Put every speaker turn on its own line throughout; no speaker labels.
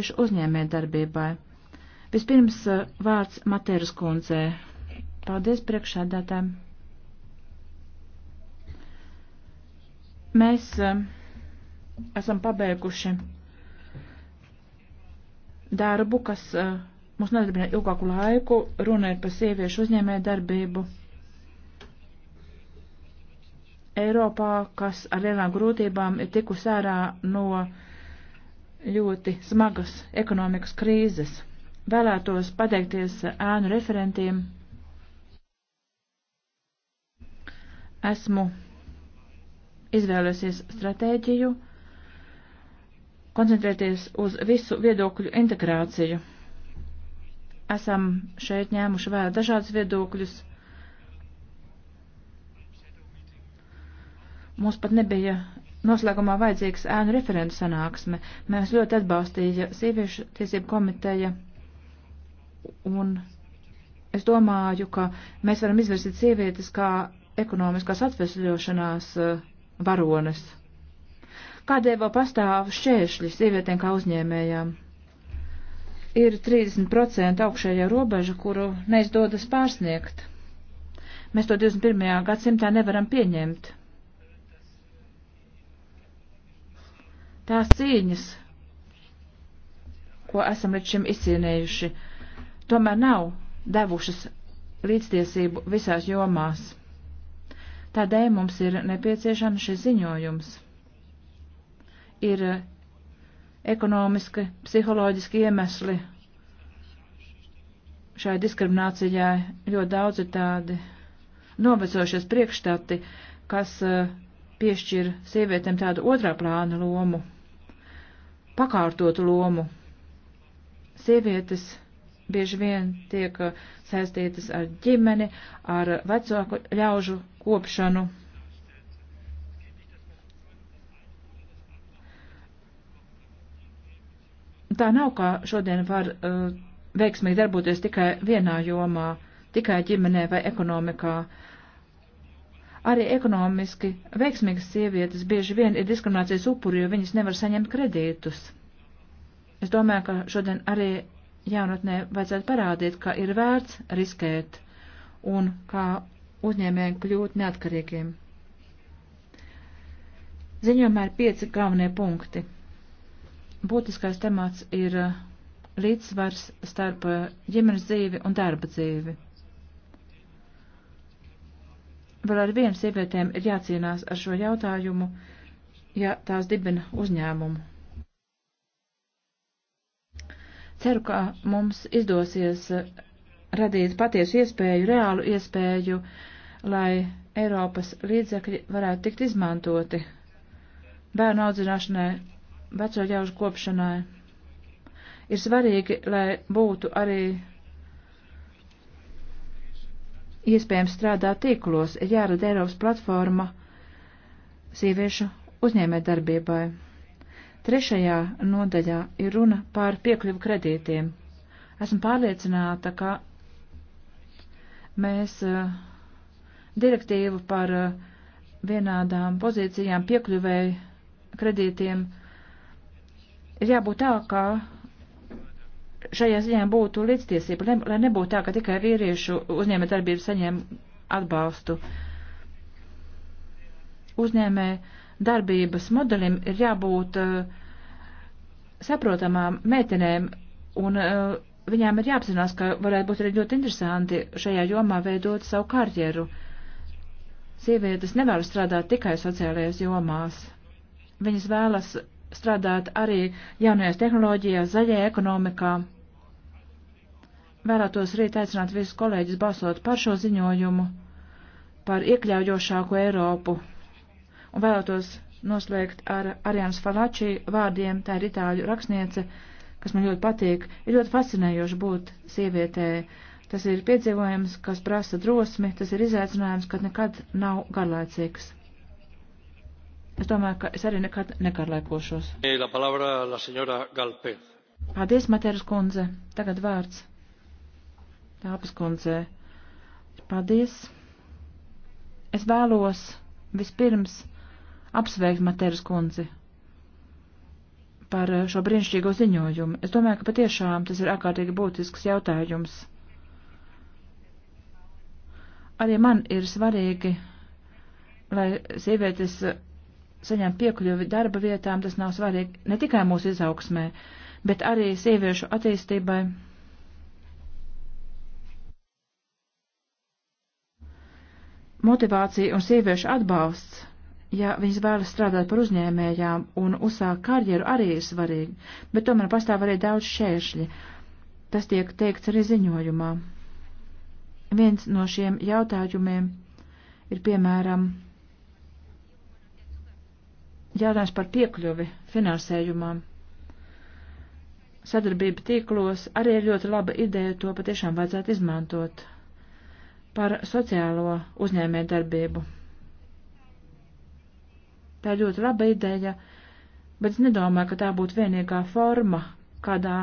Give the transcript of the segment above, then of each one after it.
tieši uzņēmē darbībai. Vispirms eh, vārds Materas kundzē. Paldies priekšsēdētājiem. Mēs eh, esam pabeiguši darbu, kas eh, mums nedarbina ilgāku laiku, runa ir par sieviešu uzņēmē darbību. Eiropā, kas ar lielām grūtībām ir tikus ārā no ļoti smagas ekonomikas krīzes. Vēlētos pateikties ēnu referentiem. Esmu izvēlēsies stratēģiju koncentrēties uz visu viedokļu integrāciju. Esam šeit ņēmuši vērā dažādas viedokļus. Mums pat nebija noslēgumā vajadzīgs ēnu referentu sanāksme. Mēs ļoti atbalstīja sieviešu tiesību komiteja un es domāju, ka mēs varam izvirzīt sievietes kā ekonomiskās atvesļošanās eh, varonas. Kādēļ vēl pastāv šķēršļi sievietēm kā uzņēmējām? Ir 30% augšējā robeža, kuru neizdodas pārsniegt. Mēs to 21. gadsimtā nevaram pieņemt tās cīņas, ko esam līdz šim izcīnējuši, tomēr nav devušas līdztiesību visās jomās. Tādēļ mums ir nepieciešams šis ziņojums. Ir ekonomiski, psiholoģiski iemesli šai diskriminācijai ļoti daudz ir tādi novecojušies priekšstati, kas eh, piešķir sievietēm tādu otrā plāna lomu pakārtotu lomu. Sievietes bieži vien tiek uh, saistītas ar ģimeni, ar vecāku ļaužu kopšanu. Tā nav, kā šodien var uh, veiksmīgi darboties tikai vienā jomā, tikai ģimenē vai ekonomikā. Arī ekonomiski veiksmīgas sievietes bieži vien ir diskriminācijas upuri, jo viņas nevar saņemt kredītus. Es domāju, ka šodien arī jaunatnē vajadzētu parādīt, ka ir vērts riskēt un kā uzņēmējiem kļūt neatkarīgiem. Ziņojumā ir pieci galvenie punkti. Būtiskais temats ir līdzsvars starp ģimenes dzīvi un darba dzīvi. Vēl ar vienu sievietēm ir jācīnās ar šo jautājumu, ja tās dibina uzņēmumu. Ceru, ka mums izdosies radīt patiesu iespēju, reālu iespēju, lai Eiropas līdzekļi varētu tikt izmantoti bērnu audzināšanai, veco ļaužu kopšanai. Ir svarīgi, lai būtu arī iespējams strādāt tīklos, ir jārada Eiropas platforma sieviešu uzņēmē darbībai. Trešajā nodaļā ir runa par piekļuvu kredītiem. Esmu pārliecināta, ka mēs eh, direktīvu par eh, vienādām pozīcijām piekļuvēju kredītiem ir jābūt tā, ka šajā ziņā būtu līdztiesība, lai nebūtu tā, ka tikai vīriešu uzņēmē darbību saņem atbalstu. Uzņēmē uh, darbības modelim ir jābūt eh, saprotamām meitenēm, un eh, viņām ir jāapzinās, ka varētu būt arī ļoti interesanti šajā jomā veidot savu karjeru. Sievietes nevar strādāt tikai sociālajās jomās. Viņas vēlas strādāt arī jaunajās tehnoloģijās, zaļajā ekonomikā. Vēlētos rīt aicināt visus kolēģis balsot par šo ziņojumu, par iekļaujošāku Eiropu un vēlētos noslēgt ar Arianas Falači vārdiem, tā ir itāļu rakstniece, kas man ļoti patīk. Ir ļoti fascinējoši būt sievietē. Tas ir piedzīvojums, kas prasa drosmi, tas ir izaicinājums, kad nekad nav garlaicīgs. Es domāju, ka es arī nekad negarlaikošos.
La palabra, la
Paldies, Materas kundze. Tagad vārds. Tāpas kundze. Paldies. Es vēlos vispirms apsveikt Materas kundzi par eh, šo brīnišķīgo ziņojumu. Es domāju, ka patiešām tas ir ārkārtīgi būtisks jautājums. Arī man ir svarīgi, lai sievietes saņem piekļuvi darba vietām, tas nav svarīgi ne tikai mūsu izaugsmē, bet arī sieviešu attīstībai. Motivācija un sieviešu atbalsts ja viņas vēlas strādāt par uzņēmējām un uzsākt karjeru, arī ir svarīgi, bet tomēr pastāv arī daudz šēršļi. Tas tiek teikts arī ziņojumā. Viens no šiem jautājumiem ir, piemēram, jautājums par piekļuvi finansējumam. Sadarbība tīklos arī ir ļoti laba ideja, to patiešām vajadzētu izmantot par sociālo uzņēmē darbību. Tā ir ļoti laba ideja, bet es nedomāju, ka tā būtu vienīgā forma, kādā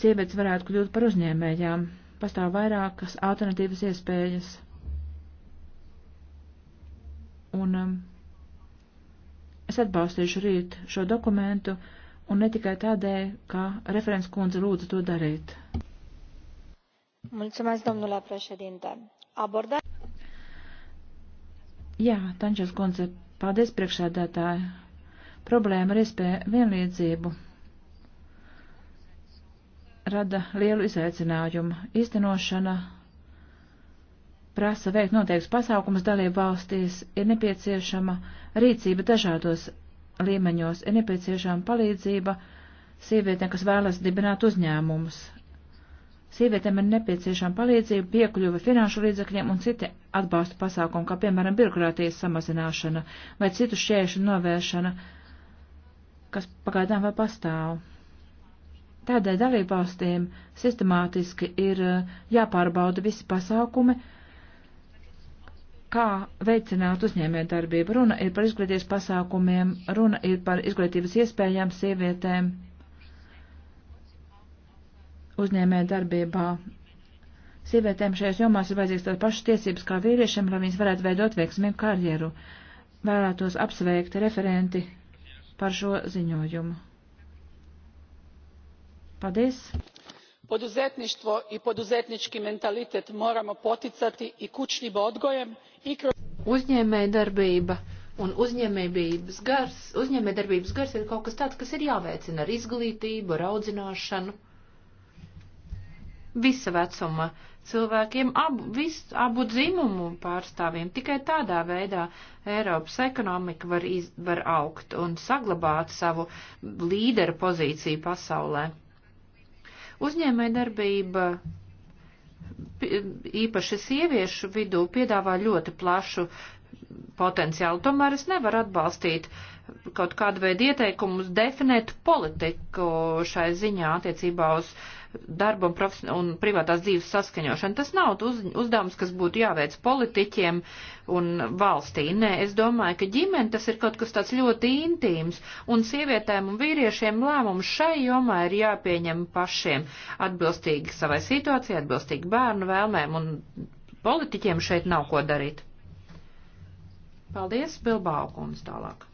sievietes varētu kļūt par uzņēmējām. Pastāv vairākas alternatīvas iespējas. Un um, es atbalstīšu rīt šo dokumentu, un ne tikai tādēļ, ka referents kundze lūdzu to darīt.
Mulțumesc, domnule președinte. Abordarea
Jā, Tančas kundze, paldies priekšādātāji. Problēma ar iespēju vienlīdzību rada lielu izaicinājumu. Īstenošana prasa veikt noteikts pasākumus dalību valstīs, ir nepieciešama rīcība dažādos līmeņos, ir nepieciešama palīdzība sievietēm, kas vēlas dibināt uzņēmumus, Sievietēm ir nepieciešama palīdzība, piekļuve finanšu līdzakļiem un citi atbalsta pasākumi, kā piemēram birokrātijas samazināšana vai citu šķēršu novēršana, kas pagaidām vēl pastāv. Tādēļ dalībvalstīm sistemātiski ir eh, jāpārbauda visi pasākumi, kā veicināt uzņēmējdarbību. Runa ir par izglītības pasākumiem, runa ir par izglītības iespējām sievietēm uzņēmē darbībā. Sievietēm šajās jomās ir vajadzīgs tās pašas tiesības kā vīriešiem, lai viņas varētu veidot veiksmīgu karjeru. Vēlētos apsveikt referenti par šo ziņojumu. Paldies! Poduzetništvo i poduzetnički
mentalitet moramo poticati i kućnim odgojem i kroz... Uzņēmēja darbība un uzņēmējdarbības gars, uzņēmējdarbības gars ir kaut kas tāds, kas ir jāveicina ar izglītību, ar audzināšanu visa vecuma cilvēkiem, abu, vis, abu dzimumu pārstāvjiem. Tikai tādā veidā Eiropas ekonomika var, iz, var augt un saglabāt savu līderu pozīciju pasaulē. Uzņēmē darbība īpaši sieviešu vidū piedāvā ļoti plašu potenciālu. Tomēr es nevaru atbalstīt uh, kaut kādu veidu ieteikumus definēt politiku šai ziņā attiecībā uz darbu un, un privātās dzīves saskaņošanu. Tas nav uz, uzdevums, kas būtu jāveic politiķiem un valstī. Nē, es domāju, ka ģimene tas ir kaut kas tāds ļoti intīms, un sievietēm un vīriešiem lēmumu šai jomā ir jāpieņem pašiem atbilstīgi savai situācijai, atbilstīgi bērnu vēlmēm, un politiķiem šeit nav ko darīt. Paldies, Bilbao kundze tālāk.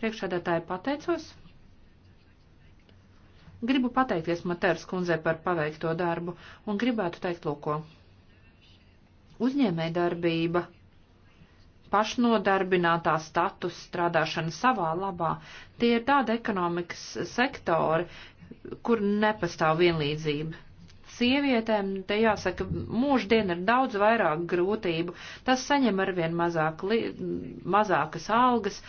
Priekšādātāji pateicos. Gribu pateikties Matērs kundzē par paveikto darbu un gribētu teikt lūko. Uzņēmē darbība, pašnodarbinātā status, strādāšana savā labā, tie ir tāda ekonomikas sektori, kur nepastāv vienlīdzība sievietēm, te jāsaka, mūždien ir daudz vairāk grūtību, tas saņem arvien mazāk, li, mazākas algas,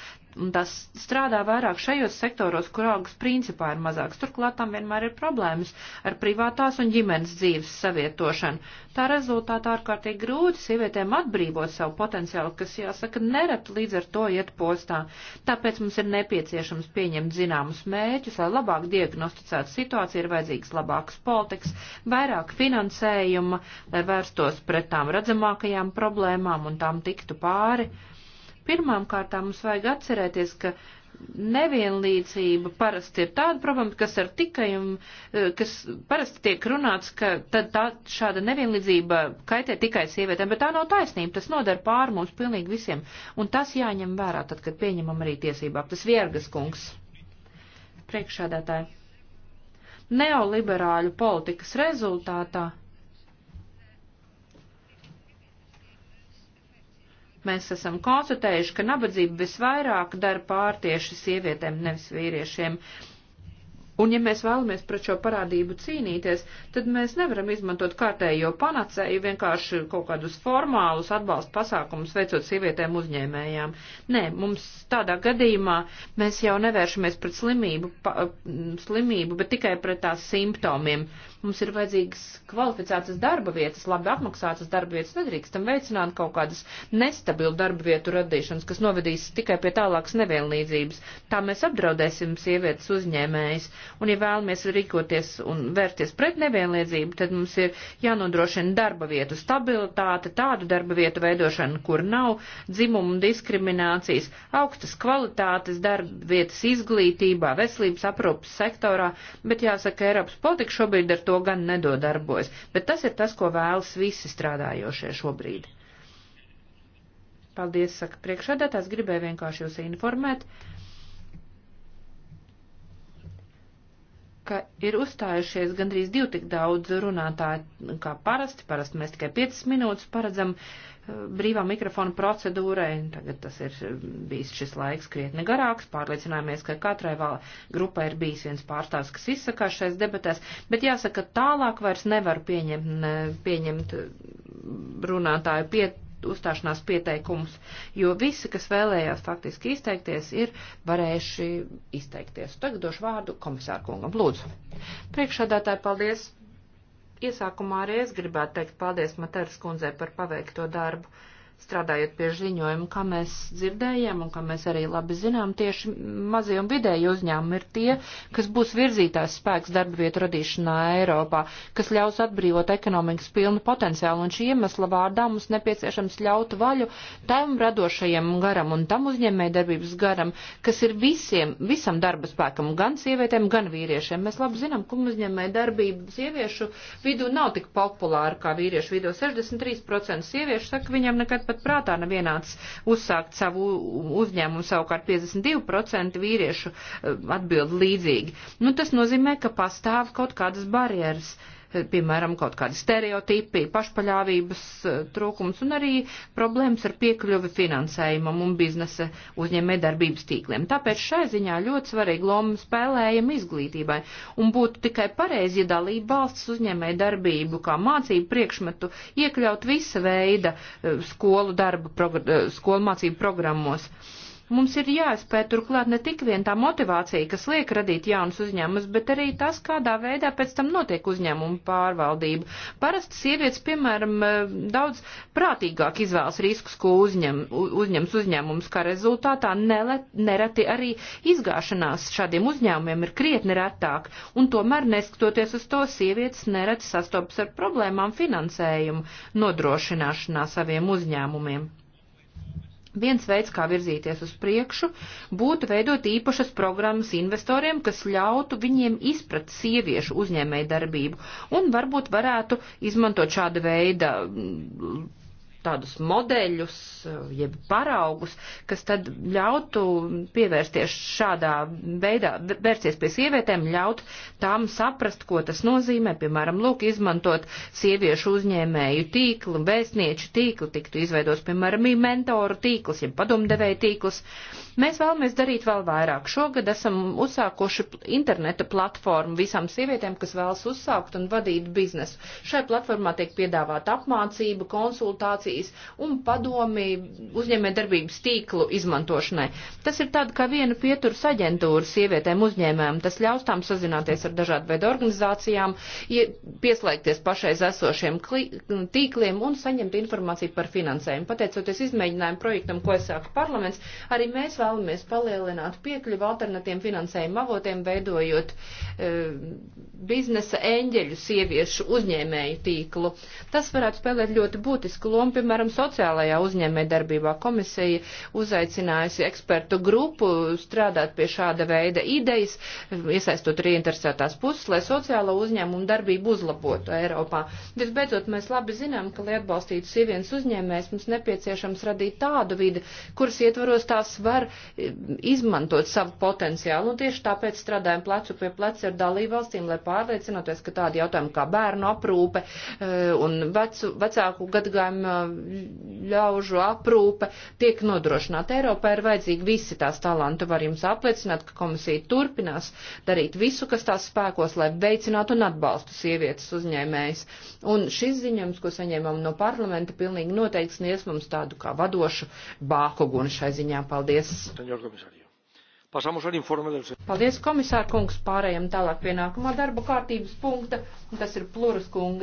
un tas strādā vairāk šajos sektoros, kur algas principā ir mazāks. Turklāt tam vienmēr ir problēmas ar privātās un ģimenes dzīves savietošanu. Tā rezultātā ārkārtīgi grūti sievietēm atbrīvot savu potenciālu, kas, jāsaka, nereti līdz ar to iet postā. Tāpēc mums ir nepieciešams pieņemt zināmus mērķus, lai labāk diagnosticētu situāciju, ir vajadzīgs labāks politikas, vairāk finansējuma, lai vērstos pret tām redzamākajām problēmām un tām tiktu pāri. Pirmām kārtām mums vajag atcerēties, ka nevienlīdzība parasti ir tāda problēma, kas ar tikai un eh, kas parasti tiek runāts, ka tad tā, šāda nevienlīdzība kaitē tikai sievietēm, bet tā nav taisnība, tas nodara pār mums pilnīgi visiem, un tas jāņem vērā tad, kad pieņemam arī tiesībām. Tas Viergas kungs, priekšādātāji. Neoliberāļu politikas rezultātā Mēs esam konstatējuši, ka nabadzība visvairāk dara pārtieši sievietēm, nevis vīriešiem. Un ja mēs vēlamies pret šo parādību cīnīties, tad mēs nevaram izmantot kārtējo panacēju vienkārši kaut kādus formālus atbalsta pasākumus veicot sievietēm uzņēmējām. Nē, mums tādā gadījumā mēs jau nevēršamies pret slimību, pa, slimību, bet tikai pret tās simptomiem. Mums ir vajadzīgas kvalificētas darba vietas, labi apmaksātas darba vietas. Nedrīkstam veicināt kaut kādas nestabilu darba vietu radīšanas, kas novedīs tikai pie tālākas nevienlīdzības. Tā mēs apdraudēsim sievietes uzņēmējas. Un, ja vēlamies rīkoties un vērties pret nevienlīdzību, tad mums ir jānodrošina darba vietu stabilitāte, tādu darba vietu veidošana, kur nav dzimumu diskriminācijas, augstas kvalitātes darba vietas izglītībā, veselības aprūpas sektorā, bet jāsaka, Eiropas politika šobrīd ar to gan nedodarbojas, bet tas ir tas, ko vēlas visi strādājošie šobrīd. Paldies, saka priekšādātājs, gribēju vienkārši jūs informēt, ka ir uzstājušies gandrīz divi tik daudz runātāji kā parasti, parasti mēs tikai 5 minūtes paredzam brīvā mikrofona procedūrai. Tagad tas ir eh, bijis šis laiks krietni garāks. Pārliecinājāmies, ka katrai vēl grupai ir bijis viens pārstāvs, kas izsakās šais debatēs. Bet jāsaka, tālāk vairs nevar pieņemt, pieņemt eh, runātāju pie, uzstāšanās pieteikumus, jo visi, kas vēlējās faktiski izteikties, ir varējuši izteikties. Tagad došu vārdų komisāru kungam. Lūdzu. Priekšādātāji, paldies. Iesākumā arī es gribētu teikt paldies Materas kundzei par paveikto darbu strādājot pie ziņojuma, kā mēs dzirdējām un kā mēs arī labi zinām, tieši mazie un vidēji uzņēmumi ir tie, kas būs virzītājs spēks darba vietu radīšanā Eiropā, kas ļaus atbrīvot ekonomikas pilnu potenciālu, un šī iemesla vārdā mums nepieciešams ļaut vaļu tam radošajam garam un tam uzņēmēja darbības garam, kas ir visiem, visam darba spēkam, gan sievietēm, gan vīriešiem. Mēs labi zinām, ka uzņēmēja darbība sieviešu vidū nav tik populāra kā vīriešu vidū. 63% sieviešu saka, viņam nekad pat prātā nav vienāds uzsākt savu uzņēmumu, savukārt 52% vīriešu eh, atbild līdzīgi. Nu, tas nozīmē, ka pastāv kaut kādas barjeras. Uh, Eh, piemēram, kaut kādi stereotipi, pašpaļāvības eh, trūkums un arī problēmas ar piekļuvi finansējumam un biznesa uzņēmē darbības tīkliem. Tāpēc šai ziņā ļoti svarīgi lomu spēlējam izglītībai un būtu tikai pareizi, ja dalība valsts uzņēmē darbību kā mācību priekšmetu iekļaut visa veida eh, skolu darba, skolu mācību programmos. Mums ir jāspēj turklāt ne tik vien tā motivācija, kas liek radīt jaunas uzņēmumus, bet arī tas, kādā veidā pēc tam notiek uzņēmumu pārvaldība. Parasti sievietes, piemēram, eh, daudz prātīgāk izvēlas riskus, ko uzņem, uzņems uzņēmums, kā rezultātā nele, nereti arī izgāšanās šādiem uzņēmumiem ir krietni retāk, un tomēr, neskatoties uz to, sievietes nereti sastopas ar problēmām finansējumu nodrošināšanā saviem uzņēmumiem. Viens veids, kā virzīties uz priekšu, būtu veidot īpašas programmas investoriem, kas ļautu viņiem izprat sieviešu uzņēmēju darbību un varbūt varētu izmantot šāda veida tādus modeļus, eh, jeb paraugus, kas tad ļautu pievērsties šādā veidā, vērsties pie sievietēm, ļaut tām saprast, ko tas nozīmē, piemēram, lūk, izmantot sieviešu uzņēmēju tīklu, vēstnieču tīklu, tiktu izveidos, piemēram, mentoru tīkls, jeb padomdevēju tīkls. Mēs vēlamies darīt vēl vairāk. Šogad esam uzsākuši interneta platformu visām sievietēm, kas vēlas uzsākt un vadīt biznesu. Šai platformā tiek piedāvāta apmācība, konsultācija, inovācijas un padomi uzņēmē darbības tīklu izmantošanai. Tas ir tāda kā viena pieturas aģentūra sievietēm uzņēmēm. Tas ļaus tām sazināties ar dažādu veidu organizācijām, pieslēgties pašais esošiem tīkliem un saņemt informāciju par finansējumu. Pateicoties izmēģinājumu projektam, ko sāka parlaments, arī mēs vēlamies palielināt piekļuvu alternatīviem finansējuma avotiem, veidojot e, biznesa eņģeļu sieviešu uzņēmēju tīklu. Tas varētu spēlēt ļoti būtisku lomu piemēram, sociālajā uzņēmē darbībā komisija uzaicinājusi ekspertu grupu strādāt pie šāda veida idejas, iesaistot arī interesētās puses, lai sociālo uzņēmumu darbību uzlabotu Eiropā. Visbeidzot, mēs labi zinām, ka, lai atbalstītu sievienas uzņēmējs, mums nepieciešams radīt tādu vidi, kuras ietvaros tās var e, izmantot savu potenciālu. Un tieši tāpēc strādājam plecu pie pleca ar dalībvalstīm, lai pārliecinātos, ka tādi jautājumi kā bērnu aprūpe e, un vecu, vecāku gadagājumu ļaužu aprūpe tiek nodrošināta. Eiropā ir vajadzīgi visi tās talanti. Var jums apliecināt, ka komisija turpinās darīt visu, kas tās spēkos, lai veicinātu un atbalstu sievietes uzņēmējas. Un šis ziņojums, ko saņēmām no parlamenta, pilnīgi noteikti sniedz mums tādu kā vadošu bākogunu šai ziņā. Paldies! Senjor, Paldies, komisār kungs, pārējiem tālāk pienākumā darba kārtības punkta, tas ir pluras kunga.